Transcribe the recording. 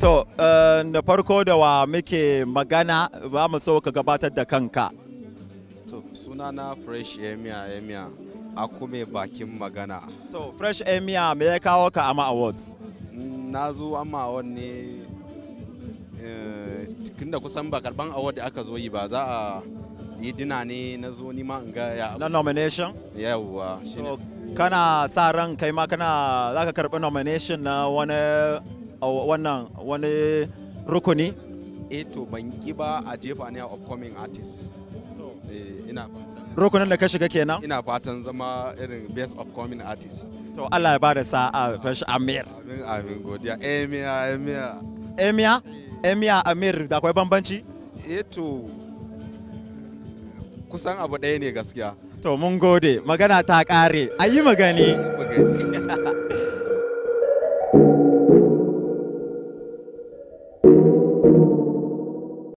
To, da eh, farko da wa muke magana ba mu so ka gabatar da kanka. To, na Fresh Emia Emia, a kuma bakin magana. To, Fresh Emia me ya kawo ka Ama Awards? Na zo Ama awon ne, eh, tunda kusan ba karban award da aka zo yi ba za a yi dina ne na zo ni in ga ya. Na nomination? Yawwa. Kana sa ran kai ma kana za ka karɓi nomination na wani wannan wani rukuni eh to ban ki ba a jefa ne a upcoming artist eh, ina rukunin da ka shiga kenan ina fatan zama irin best upcoming artist to Allah ya ba da sa'a fresh amir amin amin godiya emia emia emia emia amir da akwai bambanci eh to kusan abu ɗaya ne gaskiya to mun gode magana ta ƙare ayi magani magani thank you